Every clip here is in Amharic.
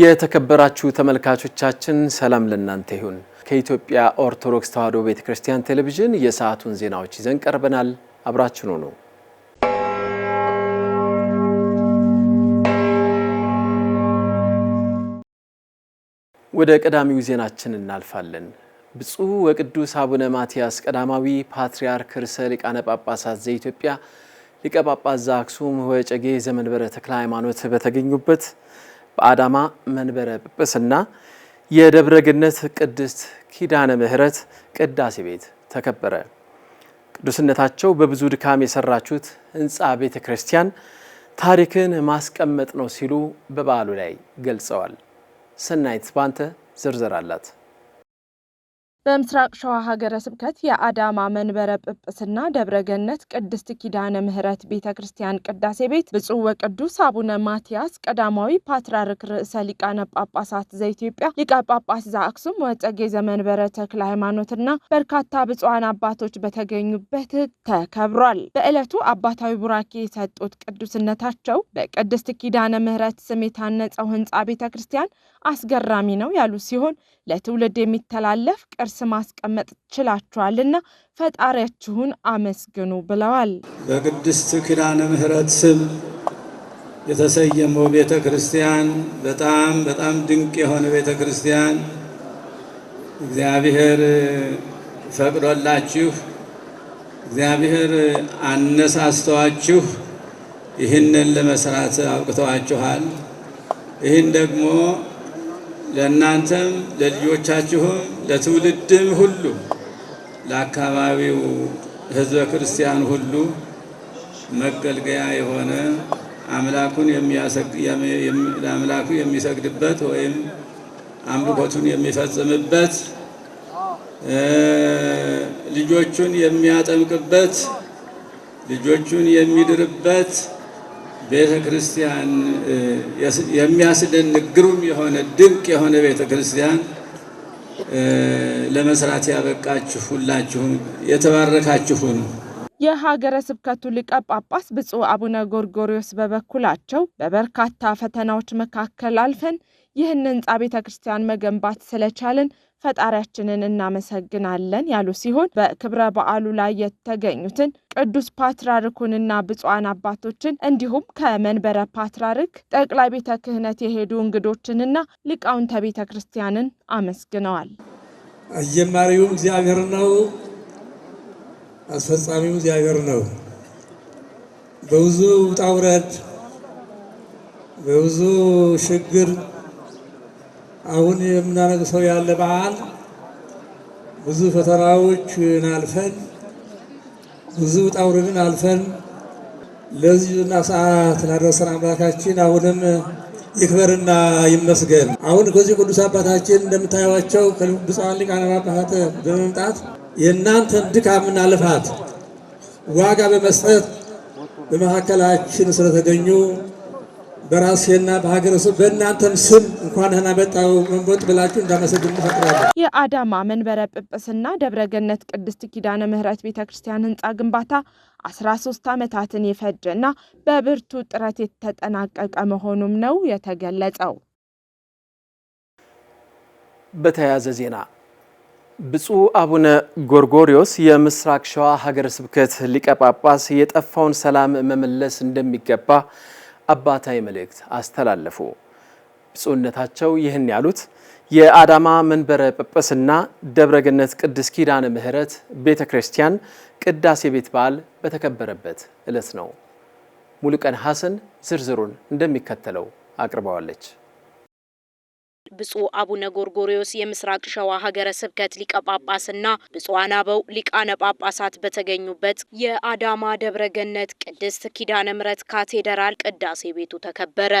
የተከበራችሁ ተመልካቾቻችን ሰላም ለእናንተ ይሁን። ከኢትዮጵያ ኦርቶዶክስ ተዋሕዶ ቤተ ክርስቲያን ቴሌቪዥን የሰዓቱን ዜናዎች ይዘን ቀርበናል። አብራችን ሁኑ። ወደ ቀዳሚው ዜናችን እናልፋለን። ብፁዕ ወቅዱስ አቡነ ማትያስ ቀዳማዊ ፓትርያርክ ርዕሰ ሊቃነ ጳጳሳት ዘኢትዮጵያ ሊቀ ጳጳስ ዘአክሱም ወጨጌ ዘመንበረ ተክለ ሃይማኖት በተገኙበት በአዳማ መንበረ ጵጵስና የደብረ ገነት ቅድስት ኪዳነ ምሕረት ቅዳሴ ቤት ተከበረ። ቅዱስነታቸው በብዙ ድካም የሰራችሁት ሕንፃ ቤተ ክርስቲያን ታሪክን ማስቀመጥ ነው ሲሉ በበዓሉ ላይ ገልጸዋል። ሰናይት ባንተ ዝርዝር አላት። በምስራቅ ሸዋ ሀገረ ስብከት የአዳማ መንበረ ጵጵስና ደብረ ገነት ቅድስት ኪዳነ ምሕረት ቤተ ክርስቲያን ቅዳሴ ቤት ብፁዕ ወቅዱስ አቡነ ማትያስ ቀዳማዊ ፓትርያርክ ርዕሰ ሊቃነ ጳጳሳት ዘኢትዮጵያ ሊቀ ጳጳስ ዘአክሱም ወዕጨጌ ዘመንበረ ተክለ ሃይማኖትና በርካታ ብፁዓን አባቶች በተገኙበት ተከብሯል። በዕለቱ አባታዊ ቡራኬ የሰጡት ቅዱስነታቸው በቅድስት ኪዳነ ምሕረት ስም የታነጸው ህንፃ ቤተ ክርስቲያን አስገራሚ ነው ያሉ ሲሆን ለትውልድ የሚተላለፍ ቅርስ ማስቀመጥ ችላችኋልና ፈጣሪያችሁን አመስግኑ ብለዋል። በቅድስት ኪዳነ ምሕረት ስም የተሰየመው ቤተ ክርስቲያን በጣም በጣም ድንቅ የሆነ ቤተ ክርስቲያን እግዚአብሔር ፈቅዶላችሁ እግዚአብሔር አነሳስተዋችሁ ይህንን ለመስራት አውቅተዋችኋል ይህን ደግሞ ለእናንተም ለልጆቻችሁም ለትውልድም ሁሉ ለአካባቢው ህዝበ ክርስቲያን ሁሉ መገልገያ የሆነ አምላኩን ለአምላኩ የሚሰግድበት ወይም አምልኮቱን የሚፈጽምበት ልጆቹን የሚያጠምቅበት ልጆቹን የሚድርበት ቤተ ክርስቲያን የሚያስደንቅ ግሩም የሆነ ድንቅ የሆነ ቤተ ክርስቲያን ለመስራት ያበቃችሁ ሁላችሁም የተባረካችሁ ነው። የሀገረ ስብከቱ ሊቀ ጳጳስ ብፁዕ አቡነ ጎርጎሪዎስ በበኩላቸው በበርካታ ፈተናዎች መካከል አልፈን ይህን ህንፃ ቤተ ክርስቲያን መገንባት ስለቻልን ፈጣሪያችንን እናመሰግናለን ያሉ ሲሆን በክብረ በዓሉ ላይ የተገኙትን ቅዱስ ፓትርያርኩንና ብፁዓን አባቶችን እንዲሁም ከመንበረ ፓትርያርክ ጠቅላይ ቤተ ክህነት የሄዱ እንግዶችንና ሊቃውንተ ቤተ ክርስቲያንን አመስግነዋል። አጀማሪው እግዚአብሔር ነው፣ አስፈጻሚው እግዚአብሔር ነው። በብዙ ውጣ ውረድ በብዙ ችግር አሁን የምናነግሰው ያለ በዓል ብዙ ፈተናዎችን አልፈን ብዙ ውጣ ውረድን አልፈን ለዚህና ሰዓት ላደረሰን አምላካችን አሁንም ይክበርና ይመስገን። አሁን ከዚህ ቅዱስ አባታችን እንደምታዩቸው ብፁዓን ሊቃነ ጳጳሳት በመምጣት የእናንተን ድካምና ልፋት ዋጋ በመስጠት በመካከላችን ስለተገኙ በራሴና በሀገር ሰብ በእናንተም ስም እንኳን ህና መጣው መንቦት ብላችሁ እንዳመሰግን ፈቅዳለሁ። የአዳማ መንበረ ጵጵስና ደብረ ገነት ቅድስት ኪዳነ ምህረት ቤተ ክርስቲያን ህንፃ ግንባታ 13 ዓመታትን የፈጀና በብርቱ ጥረት የተጠናቀቀ መሆኑም ነው የተገለጸው። በተያያዘ ዜና ብፁዕ አቡነ ጎርጎሪዮስ የምስራቅ ሸዋ ሀገረ ስብከት ሊቀ ጳጳስ የጠፋውን ሰላም መመለስ እንደሚገባ አባታዊ መልእክት አስተላለፉ። ብፁዕነታቸው ይህን ያሉት የአዳማ መንበረ ጵጵስና ደብረገነት ቅድስ ኪዳነ ምሕረት ቤተ ክርስቲያን ቅዳሴ ቤት በዓል በተከበረበት ዕለት ነው። ሙሉቀን ሐሰን ዝርዝሩን እንደሚከተለው አቅርበዋለች። ብፁዕ አቡነ ጎርጎሪዎስ የምስራቅ ሸዋ ሀገረ ስብከት ሊቀ ጳጳስና ብፁዓን አበው ሊቃነ ጳጳሳት በተገኙበት የአዳማ ደብረ ገነት ቅድስት ኪዳነ ምሕረት ካቴድራል ቅዳሴ ቤቱ ተከበረ።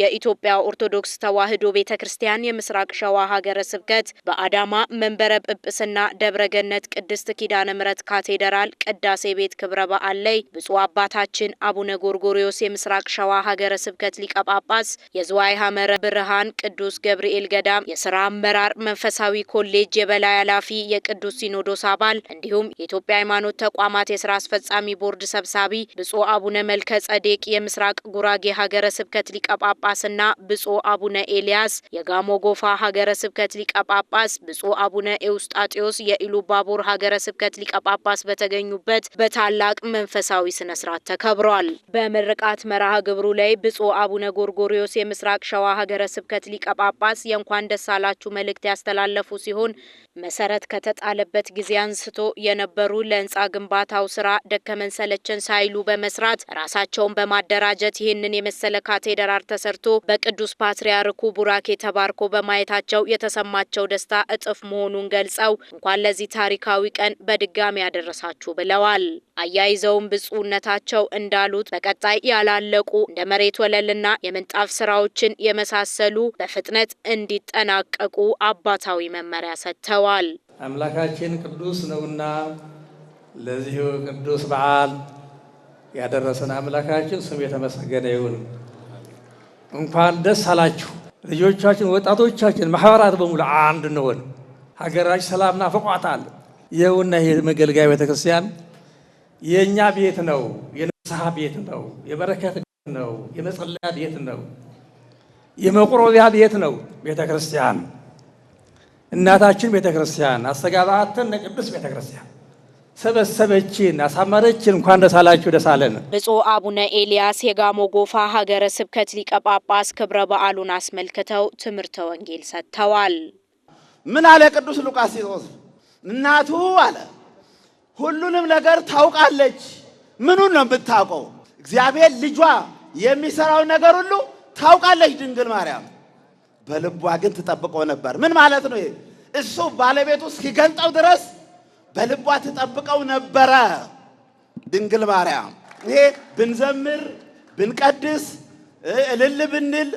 የኢትዮጵያ ኦርቶዶክስ ተዋሕዶ ቤተ ክርስቲያን የምስራቅ ሸዋ ሀገረ ስብከት በአዳማ መንበረ ጵጵስና ደብረገነት ቅድስት ኪዳነ ምሕረት ካቴድራል ቅዳሴ ቤት ክብረ በዓል ላይ ብፁዕ አባታችን አቡነ ጎርጎሪዎስ የምስራቅ ሸዋ ሀገረ ስብከት ሊቀ ጳጳስ የዝዋይ ሐመረ ብርሃን ቅዱስ ገ ገብርኤል ገዳም የስራ አመራር መንፈሳዊ ኮሌጅ የበላይ ኃላፊ የቅዱስ ሲኖዶስ አባል እንዲሁም የኢትዮጵያ ሃይማኖት ተቋማት የስራ አስፈጻሚ ቦርድ ሰብሳቢ ብፁዕ አቡነ መልከ ጸዴቅ የምስራቅ ጉራጌ ሀገረ ስብከት ሊቀ ጳጳስና ብፁዕ አቡነ ኤልያስ የጋሞ ጎፋ ሀገረ ስብከት ሊቀጳጳስ ጳጳስ ብፁዕ አቡነ ኤውስጣጢዮስ የኢሉባቦር ሀገረ ስብከት ሊቀ ጳጳስ በተገኙበት በታላቅ መንፈሳዊ ስነ ስርዓት ተከብሯል። በምርቃት መርሃ ግብሩ ላይ ብፁዕ አቡነ ጎርጎሪዮስ የምስራቅ ሸዋ ሀገረ ስብከት ሊቀጳጳስ ጳጳስ የእንኳን ደስ አላችሁ መልእክት ያስተላለፉ ሲሆን መሰረት ከተጣለበት ጊዜ አንስቶ የነበሩ ለህንፃ ግንባታው ስራ ደከመን ሰለቸን ሳይሉ በመስራት ራሳቸውን በማደራጀት ይህንን የመሰለ ካቴድራል ተሰርቶ በቅዱስ ፓትርያርኩ ቡራኬ ተባርኮ በማየታቸው የተሰማቸው ደስታ እጥፍ መሆኑን ገልጸው እንኳን ለዚህ ታሪካዊ ቀን በድጋሚ ያደረሳችሁ ብለዋል። አያይዘውም ብፁዕነታቸው እንዳሉት በቀጣይ ያላለቁ እንደ መሬት ወለልና የምንጣፍ ስራዎችን የመሳሰሉ በፍጥነት በማለት እንዲጠናቀቁ አባታዊ መመሪያ ሰጥተዋል። አምላካችን ቅዱስ ነውና ለዚሁ ቅዱስ በዓል ያደረሰን አምላካችን ስም የተመሰገነ ይሁን። እንኳን ደስ አላችሁ ልጆቻችን፣ ወጣቶቻችን፣ ማህበራት በሙሉ አንድ እንሆን። ሀገራችን ሰላም ናፍቋታል። ይኸውና ይህ መገልገያ ቤተክርስቲያን የእኛ ቤት ነው፣ የንስሐ ቤት ነው፣ የበረከት ቤት ነው፣ የመጸለያ ቤት ነው። የመቁረቢያ ቤት ነው ቤተ ክርስቲያን። እናታችን ቤተ ክርስቲያን አስተጋባተን ቅዱስ ቤተ ክርስቲያን ሰበሰበችን አሳመረችን። እንኳን ደስ አላችሁ ደስ አለን። ብፁዕ አቡነ ኤልያስ የጋሞ ጎፋ ሀገረ ስብከት ሊቀ ጳጳስ ክብረ በዓሉን አስመልክተው ትምህርተ ወንጌል ሰጥተዋል። ምን አለ ቅዱስ ሉቃስ ሲጽፍ እናቱ አለ ሁሉንም ነገር ታውቃለች። ምኑን ነው የምታውቀው? እግዚአብሔር ልጇ የሚሰራውን ነገር ሁሉ ታውቃለች ድንግል ማርያም። በልቧ ግን ትጠብቀው ነበር። ምን ማለት ነው? እሱ ባለቤቱ እስኪገልጠው ድረስ በልቧ ትጠብቀው ነበረ ድንግል ማርያም። ይሄ ብንዘምር፣ ብንቀድስ፣ እልል ብንል፣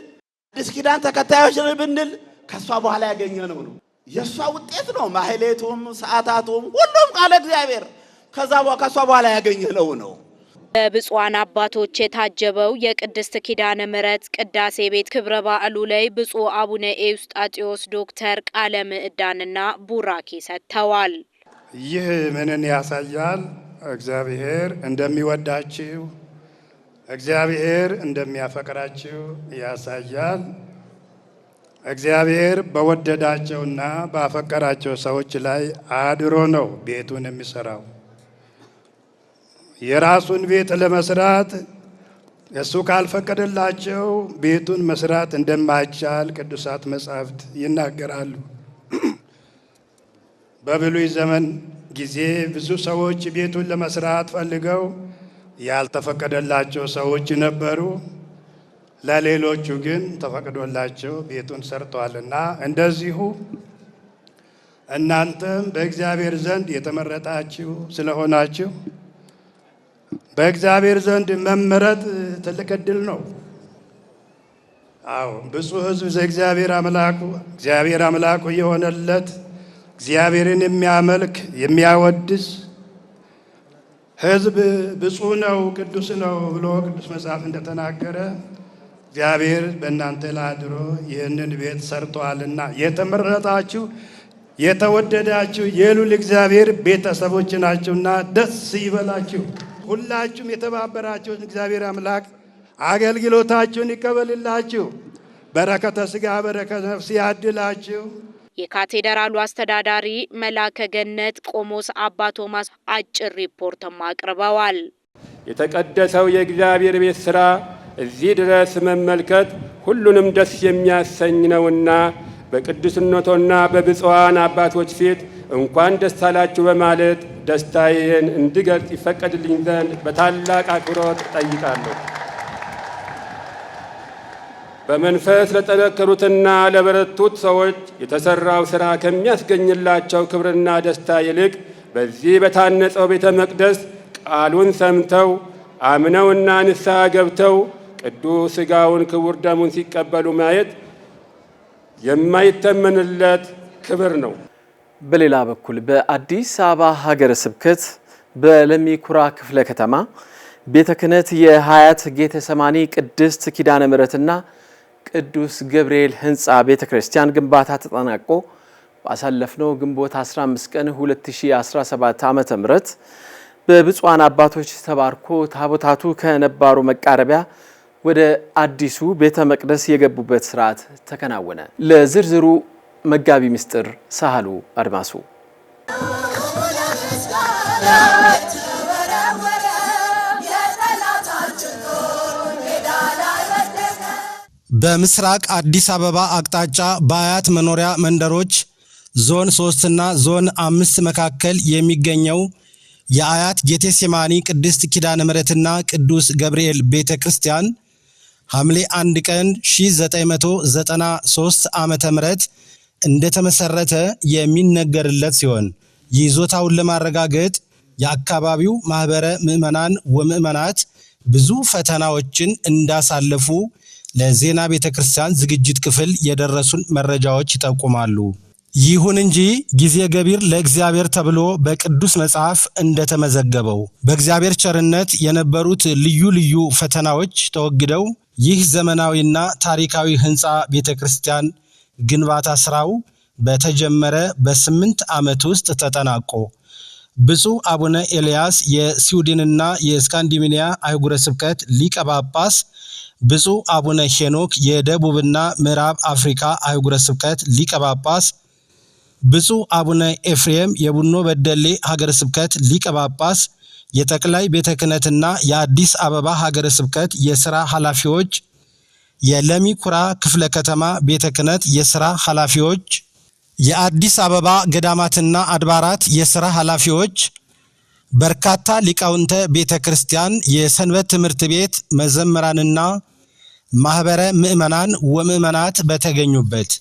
አዲስ ኪዳን ተከታዮች ብንል ከእሷ በኋላ ያገኘ ነው ነው የእሷ ውጤት ነው። ማህሌቱም፣ ሰዓታቱም ሁሉም ቃለ እግዚአብሔር ከዛ ከእሷ በኋላ ያገኘ ነው ነው በብፁዓን አባቶች የታጀበው የቅድስት ኪዳነ ምሕረት ቅዳሴ ቤት ክብረ በዓሉ ላይ ብፁዕ አቡነ ኤውስጣቴዎስ ዶክተር ቃለ ምዕዳንና ቡራኬ ሰጥተዋል። ይህ ምንን ያሳያል? እግዚአብሔር እንደሚወዳችው እግዚአብሔር እንደሚያፈቅራችሁ ያሳያል። እግዚአብሔር በወደዳቸውና ባፈቀራቸው ሰዎች ላይ አድሮ ነው ቤቱን የሚሰራው። የራሱን ቤት ለመስራት እሱ ካልፈቀደላቸው ቤቱን መስራት እንደማይቻል ቅዱሳት መጻሕፍት ይናገራሉ። በብሉይ ዘመን ጊዜ ብዙ ሰዎች ቤቱን ለመስራት ፈልገው ያልተፈቀደላቸው ሰዎች ነበሩ። ለሌሎቹ ግን ተፈቅዶላቸው ቤቱን ሰርተዋልና እንደዚሁ እናንተም በእግዚአብሔር ዘንድ የተመረጣችሁ ስለሆናችሁ በእግዚአብሔር ዘንድ መመረጥ ትልቅ እድል ነው። አዎ ብፁዕ ሕዝብ ዘእግዚአብሔር አምላኩ እግዚአብሔር አምላኩ የሆነለት እግዚአብሔርን የሚያመልክ የሚያወድስ ሕዝብ ብፁዕ ነው ቅዱስ ነው ብሎ ቅዱስ መጽሐፍ እንደተናገረ እግዚአብሔር በእናንተ ላይ አድሮ ይህንን ቤት ሰርተዋልና የተመረጣችሁ የተወደዳችሁ የሉል እግዚአብሔር ቤተሰቦች ናችሁና ደስ ይበላችሁ። ሁላችሁም የተባበራችሁን እግዚአብሔር አምላክ አገልግሎታችሁን ይቀበልላችሁ፣ በረከተ ስጋ በረከተ ነፍስ ያድላችሁ። የካቴድራሉ አስተዳዳሪ መላከ ገነት ቆሞስ አባ ቶማስ አጭር ሪፖርትም አቅርበዋል። የተቀደሰው የእግዚአብሔር ቤት ሥራ እዚህ ድረስ መመልከት ሁሉንም ደስ የሚያሰኝ ነውና በቅዱስነቶና በብፁዓን አባቶች ፊት እንኳን ደስ አላችሁ በማለት ደስታዬን እንድገልጽ ይፈቀድልኝ ዘንድ በታላቅ አክብሮት ጠይቃለሁ። በመንፈስ ለጠነከሩትና ለበረቱት ሰዎች የተሰራው ሥራ ከሚያስገኝላቸው ክብርና ደስታ ይልቅ በዚህ በታነጸው ቤተ መቅደስ ቃሉን ሰምተው አምነውና ንስሐ ገብተው ቅዱስ ሥጋውን ክቡር ደሙን ሲቀበሉ ማየት የማይተመንለት ክብር ነው። በሌላ በኩል በአዲስ አበባ ሀገረ ስብከት በለሚኩራ ክፍለ ከተማ ቤተ ክህነት የሀያት ጌተ ሰማኒ ቅድስት ኪዳነ ምሕረትና ቅዱስ ገብርኤል ህንፃ ቤተ ክርስቲያን ግንባታ ተጠናቆ ባሳለፍነው ግንቦት 15 ቀን 2017 ዓ ም በብፁዓን አባቶች ተባርኮ ታቦታቱ ከነባሩ መቃረቢያ ወደ አዲሱ ቤተ መቅደስ የገቡበት ስርዓት ተከናወነ። ለዝርዝሩ መጋቢ ምስጢር ሳህሉ አድማሱ በምስራቅ አዲስ አበባ አቅጣጫ በአያት መኖሪያ መንደሮች ዞን ሶስትና ዞን አምስት መካከል የሚገኘው የአያት ጌቴሴማኒ ቅድስት ኪዳነ ምሕረትና ቅዱስ ገብርኤል ቤተ ክርስቲያን ሐምሌ 1 ቀን 1993 ዓ ም እንደተመሰረተ የሚነገርለት ሲሆን ይዞታውን ለማረጋገጥ የአካባቢው ማህበረ ምዕመናን ወምዕመናት ብዙ ፈተናዎችን እንዳሳለፉ ለዜና ቤተ ክርስቲያን ዝግጅት ክፍል የደረሱን መረጃዎች ይጠቁማሉ። ይሁን እንጂ ጊዜ ገቢር ለእግዚአብሔር ተብሎ በቅዱስ መጽሐፍ እንደተመዘገበው በእግዚአብሔር ቸርነት የነበሩት ልዩ ልዩ ፈተናዎች ተወግደው ይህ ዘመናዊና ታሪካዊ ሕንፃ ቤተ ክርስቲያን ግንባታ ስራው በተጀመረ በስምንት ዓመት ውስጥ ተጠናቆ ብፁዕ አቡነ ኤልያስ የስዊድንና የስካንዲሚኒያ አህጉረ ስብከት ሊቀ ጳጳስ፣ ብፁዕ አቡነ ሄኖክ የደቡብና ምዕራብ አፍሪካ አህጉረ ስብከት ሊቀ ጳጳስ፣ ብፁዕ አቡነ ኤፍሬም የቡኖ በደሌ ሀገረ ስብከት ሊቀ ጳጳስ፣ የጠቅላይ ቤተ ክህነትና የአዲስ አበባ ሀገረ ስብከት የሥራ ኃላፊዎች የለሚኩራ ክፍለ ከተማ ቤተ ክህነት የስራ ኃላፊዎች፣ የአዲስ አበባ ገዳማትና አድባራት የስራ ኃላፊዎች፣ በርካታ ሊቃውንተ ቤተ ክርስቲያን፣ የሰንበት ትምህርት ቤት መዘምራንና ማህበረ ምዕመናን ወምዕመናት በተገኙበት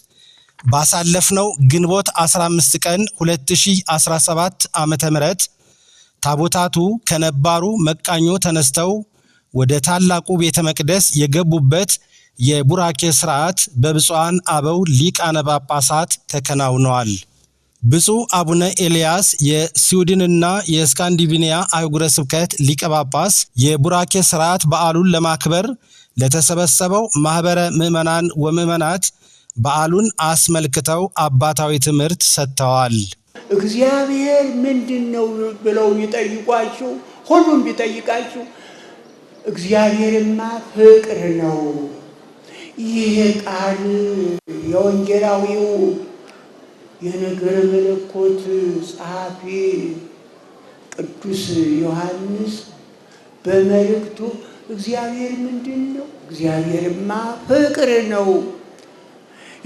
ባሳለፍነው ግንቦት 15 ቀን 2017 ዓ ም ታቦታቱ ከነባሩ መቃኞ ተነስተው ወደ ታላቁ ቤተ መቅደስ የገቡበት የቡራኬ ስርዓት በብፁዓን አበው ሊቃነ ጳጳሳት ተከናውነዋል። ብፁዕ አቡነ ኤልያስ የስዊድንና የስካንዲቪኒያ አህጉረ ስብከት ሊቀ ጳጳስ የቡራኬ ስርዓት በዓሉን ለማክበር ለተሰበሰበው ማኅበረ ምዕመናን ወምዕመናት በዓሉን አስመልክተው አባታዊ ትምህርት ሰጥተዋል። እግዚአብሔር ምንድን ነው ብለው ይጠይቋችሁ። ሁሉም ቢጠይቃችሁ እግዚአብሔርማ ፍቅር ነው ይህ ቃል የወንጌላዊው የነገረ መለኮት ጸሐፊ ቅዱስ ዮሐንስ በመልእክቱ እግዚአብሔር ምንድን ነው? እግዚአብሔርማ ፍቅር ነው።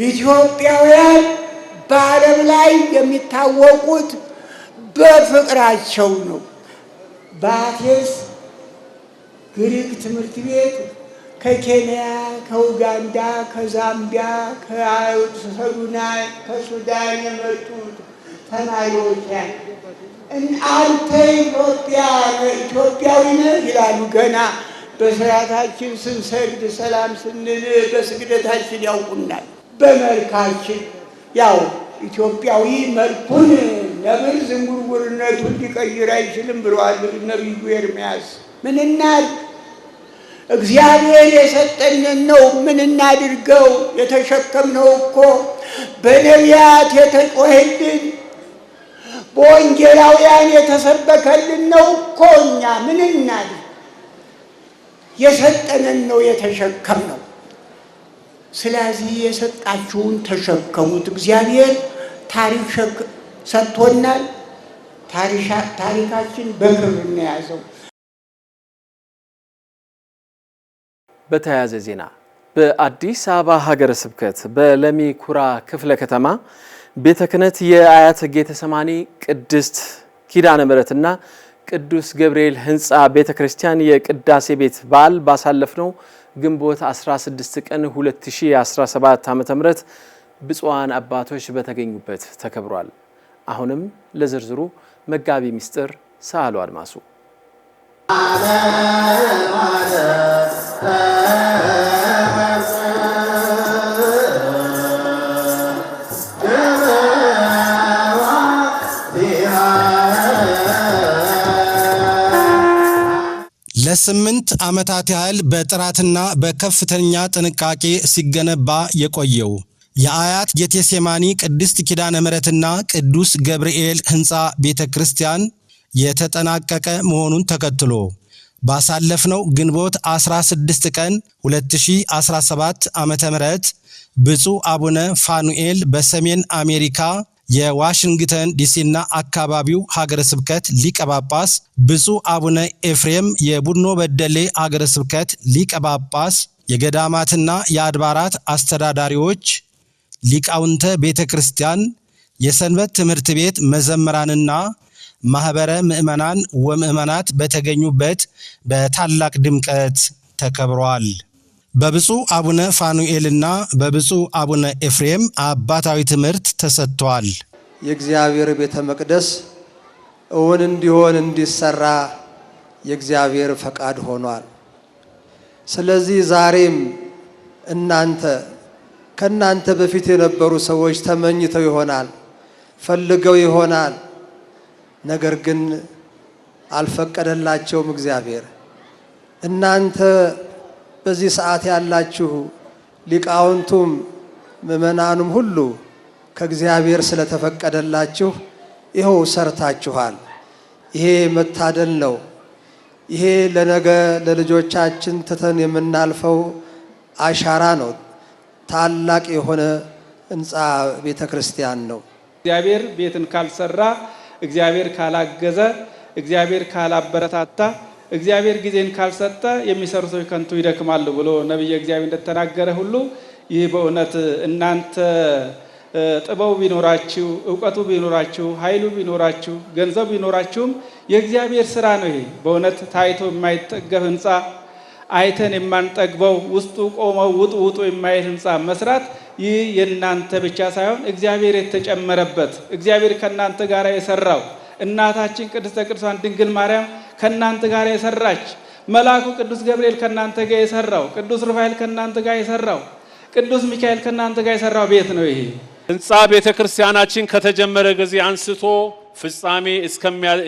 ኢትዮጵያውያን በዓለም ላይ የሚታወቁት በፍቅራቸው ነው። በአቴንስ ግሪክ ትምህርት ቤት ከኬንያ፣ ከኡጋንዳ፣ ከዛምቢያ፣ ከሰዱና ከሱዳን የመጡት ተማሪዎች አንተ ኢትዮጵያ ኢትዮጵያዊ ነህ ይላሉ። ገና በስርዓታችን ስንሰግድ ሰላም ስንል በስግደታችን ያውቁናል። በመልካችን ያው ኢትዮጵያዊ መልኩን ነብር ዝንጉርጉርነቱን ሊቀይር አይችልም ብለዋል ነቢዩ ኤርምያስ ምንናል እግዚአብሔር የሰጠንን ነው። ምን እናድርገው? የተሸከምነው እኮ በነቢያት የተጮኸልን በወንጌላውያን የተሰበከልን ነው እኮ እኛ ምን እናድርግ? የሰጠንን ነው የተሸከምነው። ስለዚህ የሰጣችሁን ተሸከሙት። እግዚአብሔር ታሪክ ሰጥቶናል። ታሪካችን በክብር ነው በተያያዘ ዜና በአዲስ አበባ ሀገረ ስብከት በለሚ ኩራ ክፍለ ከተማ ቤተ ክህነት የአያት ጌተሰማኒ ቅድስት ኪዳነ ምሕረትና ቅዱስ ገብርኤል ህንፃ ቤተ ክርስቲያን የቅዳሴ ቤት በዓል ነው ግንቦት 16 ቀን 2017 ዓ ም ብፁዓን አባቶች በተገኙበት ተከብሯል። አሁንም ለዝርዝሩ መጋቢ ምስጢር ሰዓሉ አድማሱ ለስምንት ዓመታት ያህል በጥራትና በከፍተኛ ጥንቃቄ ሲገነባ የቆየው የአያት ጌቴሴማኒ ቅድስት ኪዳነ ምሕረትና ቅዱስ ገብርኤል ሕንፃ ቤተ ክርስቲያን የተጠናቀቀ መሆኑን ተከትሎ ባሳለፍነው ግንቦት 16 ቀን 2017 ዓ.ም ብፁዕ አቡነ ፋኑኤል በሰሜን አሜሪካ የዋሽንግተን ዲሲና አካባቢው ሀገረ ስብከት ሊቀጳጳስ ጳጳስ ብፁዕ አቡነ ኤፍሬም የቡድኖ በደሌ ሀገረ ስብከት ሊቀጳጳስ የገዳማትና የአድባራት አስተዳዳሪዎች፣ ሊቃውንተ ቤተ ክርስቲያን፣ የሰንበት ትምህርት ቤት መዘምራንና ማህበረ ምዕመናን ወምዕመናት በተገኙበት በታላቅ ድምቀት ተከብሯል። በብፁዕ አቡነ ፋኑኤልና በብፁዕ አቡነ ኤፍሬም አባታዊ ትምህርት ተሰጥቷል። የእግዚአብሔር ቤተ መቅደስ እውን እንዲሆን እንዲሰራ የእግዚአብሔር ፈቃድ ሆኗል። ስለዚህ ዛሬም እናንተ ከእናንተ በፊት የነበሩ ሰዎች ተመኝተው ይሆናል፣ ፈልገው ይሆናል። ነገር ግን አልፈቀደላቸውም እግዚአብሔር እናንተ በዚህ ሰዓት ያላችሁ ሊቃውንቱም ምእመናኑም ሁሉ ከእግዚአብሔር ስለተፈቀደላችሁ ይኸው ሰርታችኋል። ይሄ መታደል ነው። ይሄ ለነገ ለልጆቻችን ትተን የምናልፈው አሻራ ነው። ታላቅ የሆነ ህንፃ ቤተ ክርስቲያን ነው። እግዚአብሔር ቤትን ካልሰራ፣ እግዚአብሔር ካላገዘ፣ እግዚአብሔር ካላበረታታ እግዚአብሔር ጊዜን ካልሰጠ የሚሰሩ ሰዎች ከንቱ ይደክማሉ ብሎ ነቢየ እግዚአብሔር እንደተናገረ ሁሉ ይህ በእውነት እናንተ ጥበቡ ቢኖራችሁ እውቀቱ ቢኖራችሁ ኃይሉ ቢኖራችሁ ገንዘቡ ቢኖራችሁም የእግዚአብሔር ስራ ነው። ይሄ በእውነት ታይቶ የማይጠገብ ህንፃ አይተን የማንጠግበው ውስጡ ቆመው ውጡ ውጡ የማይል ህንፃ መስራት ይህ የእናንተ ብቻ ሳይሆን እግዚአብሔር የተጨመረበት እግዚአብሔር ከእናንተ ጋር የሰራው እናታችን ቅድስተ ቅዱሳን ድንግል ማርያም ከእናንተ ጋር የሰራች መልአኩ ቅዱስ ገብርኤል ከእናንተ ጋር የሰራው ቅዱስ ሩፋኤል ከእናንተ ጋር የሰራው ቅዱስ ሚካኤል ከእናንተ ጋር የሰራው ቤት ነው ይሄ ህንፃ። ቤተ ክርስቲያናችን ከተጀመረ ጊዜ አንስቶ ፍጻሜ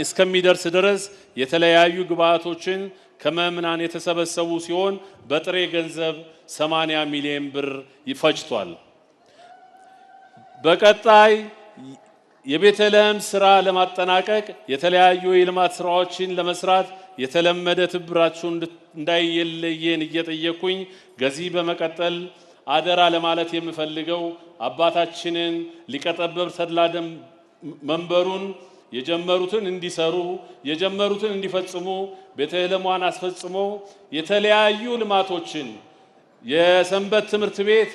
እስከሚደርስ ድረስ የተለያዩ ግብአቶችን ከምዕመናን የተሰበሰቡ ሲሆን በጥሬ ገንዘብ 80 ሚሊዮን ብር ይፈጅቷል። በቀጣይ የቤተልሔም ስራ ለማጠናቀቅ የተለያዩ የልማት ስራዎችን ለመስራት የተለመደ ትብብራችሁ እንዳይለየን እየጠየኩኝ ከዚህ በመቀጠል አደራ ለማለት የምፈልገው አባታችንን ሊቀጠበብ ተድላደም መንበሩን የጀመሩትን እንዲሰሩ የጀመሩትን እንዲፈጽሙ ቤተልሔሟን አስፈጽሞ የተለያዩ ልማቶችን የሰንበት ትምህርት ቤት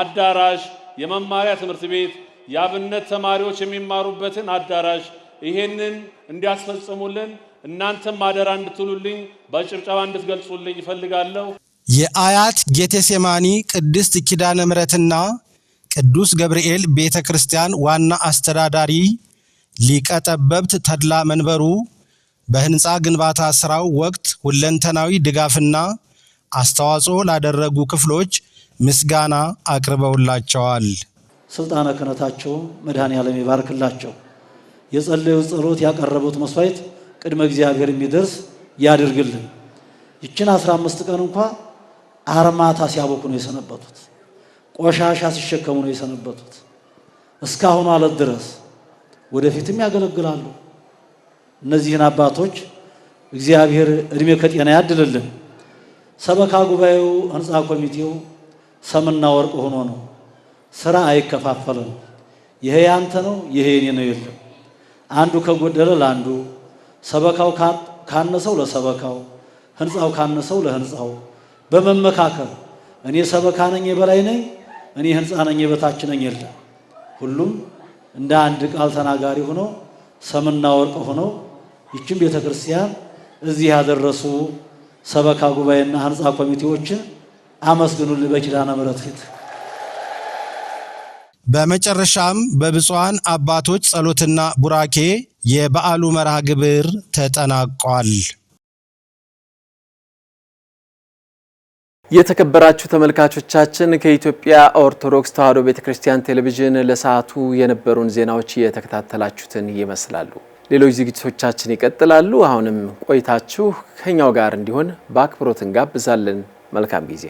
አዳራሽ፣ የመማሪያ ትምህርት ቤት የአብነት ተማሪዎች የሚማሩበትን አዳራሽ ይሄንን እንዲያስፈጽሙልን እናንተም ማደራ እንድትሉልኝ በጭብጨባ እንድትገልጹልኝ ይፈልጋለሁ። የአያት ጌቴሴማኒ ቅድስት ኪዳነ ምሕረትና ቅዱስ ገብርኤል ቤተ ክርስቲያን ዋና አስተዳዳሪ ሊቀ ጠበብት ተድላ መንበሩ በህንፃ ግንባታ ስራው ወቅት ሁለንተናዊ ድጋፍና አስተዋጽኦ ላደረጉ ክፍሎች ምስጋና አቅርበውላቸዋል። ስልጣነ ክህነታቸው መድኃኔ ዓለም ይባርክላቸው። የጸለዩ ጸሎት፣ ያቀረቡት መስዋዕት ቅድመ እግዚአብሔር የሚደርስ ያድርግልን። ይችን አስራ አምስት ቀን እንኳ አርማታ ሲያቦኩ ነው የሰነበቱት። ቆሻሻ ሲሸከሙ ነው የሰነበቱት። እስካሁኑ አለት ድረስ ወደፊትም ያገለግላሉ። እነዚህን አባቶች እግዚአብሔር እድሜ ከጤና ያድልልን። ሰበካ ጉባኤው፣ ህንፃ ኮሚቴው ሰምና ወርቅ ሆኖ ነው ስራ አይከፋፈልም። ይሄ ያንተ ነው፣ ይሄ የኔ ነው የለም። አንዱ ከጎደለ ለአንዱ፣ ሰበካው ካነሰው ለሰበካው፣ ህንፃው ካነሰው ለህንፃው በመመካከር እኔ ሰበካ ነኝ የበላይ ነኝ፣ እኔ ህንፃ ነኝ የበታች ነኝ የለም። ሁሉም እንደ አንድ ቃል ተናጋሪ ሆኖ ሰምና ወርቅ ሆኖ ይችን ቤተ ክርስቲያን እዚህ ያደረሱ ሰበካ ጉባኤና ህንፃ ኮሚቴዎችን አመስግኑልኝ በኪዳነ ምሕረት ፊት። በመጨረሻም በብፁዓን አባቶች ጸሎትና ቡራኬ የበዓሉ መርሃ ግብር ተጠናቋል። የተከበራችሁ ተመልካቾቻችን ከኢትዮጵያ ኦርቶዶክስ ተዋሕዶ ቤተ ክርስቲያን ቴሌቪዥን ለሰዓቱ የነበሩን ዜናዎች የተከታተላችሁትን ይመስላሉ። ሌሎች ዝግጅቶቻችን ይቀጥላሉ። አሁንም ቆይታችሁ ከኛው ጋር እንዲሆን በአክብሮት እንጋብዛለን። መልካም ጊዜ